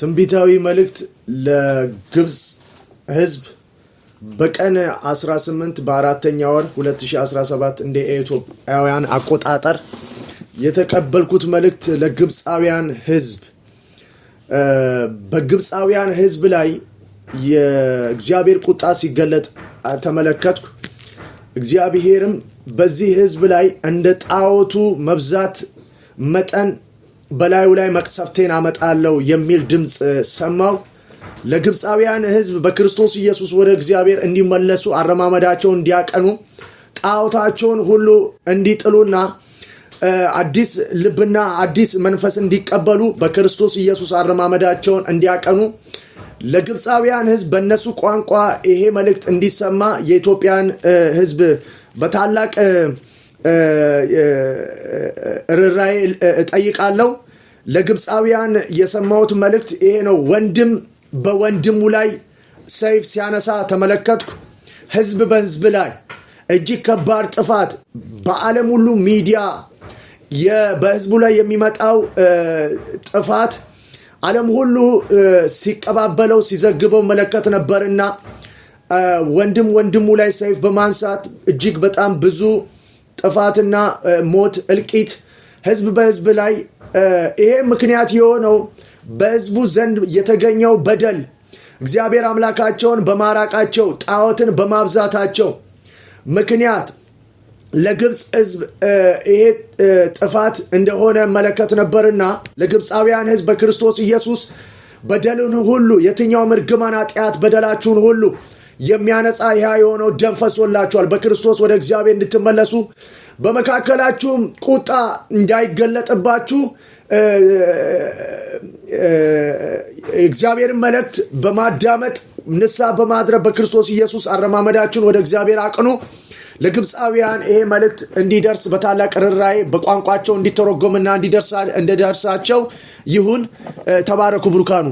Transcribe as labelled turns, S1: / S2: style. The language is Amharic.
S1: ትንቢታዊ መልእክት ለግብፅ ህዝብ በቀን 18 በአራተኛ ወር 2017 እንደ ኢትዮጵያውያን አቆጣጠር የተቀበልኩት መልእክት ለግብፃውያን ህዝብ በግብፃውያን ህዝብ ላይ የእግዚአብሔር ቁጣ ሲገለጥ ተመለከትኩ። እግዚአብሔርም በዚህ ህዝብ ላይ እንደ ጣዖቱ መብዛት መጠን በላዩ ላይ መቅሰፍቴን አመጣለው የሚል ድምፅ ሰማው። ለግብፃውያን ህዝብ በክርስቶስ ኢየሱስ ወደ እግዚአብሔር እንዲመለሱ አረማመዳቸውን እንዲያቀኑ ጣዖታቸውን ሁሉ እንዲጥሉና አዲስ ልብና አዲስ መንፈስ እንዲቀበሉ በክርስቶስ ኢየሱስ አረማመዳቸውን እንዲያቀኑ ለግብፃውያን ህዝብ በእነሱ ቋንቋ ይሄ መልእክት እንዲሰማ የኢትዮጵያን ህዝብ በታላቅ ርራይ እጠይቃለሁ። ለግብፃውያን የሰማሁት መልእክት ይሄ ነው። ወንድም በወንድሙ ላይ ሰይፍ ሲያነሳ ተመለከትኩ። ህዝብ በህዝብ ላይ እጅግ ከባድ ጥፋት በዓለም ሁሉ ሚዲያ በህዝቡ ላይ የሚመጣው ጥፋት ዓለም ሁሉ ሲቀባበለው ሲዘግበው መለከት ነበርና ወንድም ወንድሙ ላይ ሰይፍ በማንሳት እጅግ በጣም ብዙ ጥፋትና ሞት፣ እልቂት ህዝብ በህዝብ ላይ ይሄ ምክንያት የሆነው በህዝቡ ዘንድ የተገኘው በደል እግዚአብሔር አምላካቸውን በማራቃቸው ጣዖትን በማብዛታቸው ምክንያት ለግብፅ ህዝብ ይሄ ጥፋት እንደሆነ መለከት ነበርና ለግብፃውያን ህዝብ በክርስቶስ ኢየሱስ በደልን ሁሉ የትኛውም እርግማን ኃጢአት፣ በደላችሁን ሁሉ የሚያነጻ ያ የሆነው ደም ፈሶላችኋል። በክርስቶስ ወደ እግዚአብሔር እንድትመለሱ በመካከላችሁም ቁጣ እንዳይገለጥባችሁ እግዚአብሔርን መልእክት በማዳመጥ ንሳ በማድረግ በክርስቶስ ኢየሱስ አረማመዳችሁን ወደ እግዚአብሔር አቅኑ። ለግብፃውያን ይሄ መልእክት እንዲደርስ በታላቅ ርኅራኄ በቋንቋቸው እንዲተረጎምና እንዲደርሳቸው ይሁን። ተባረኩ ብሩካኑ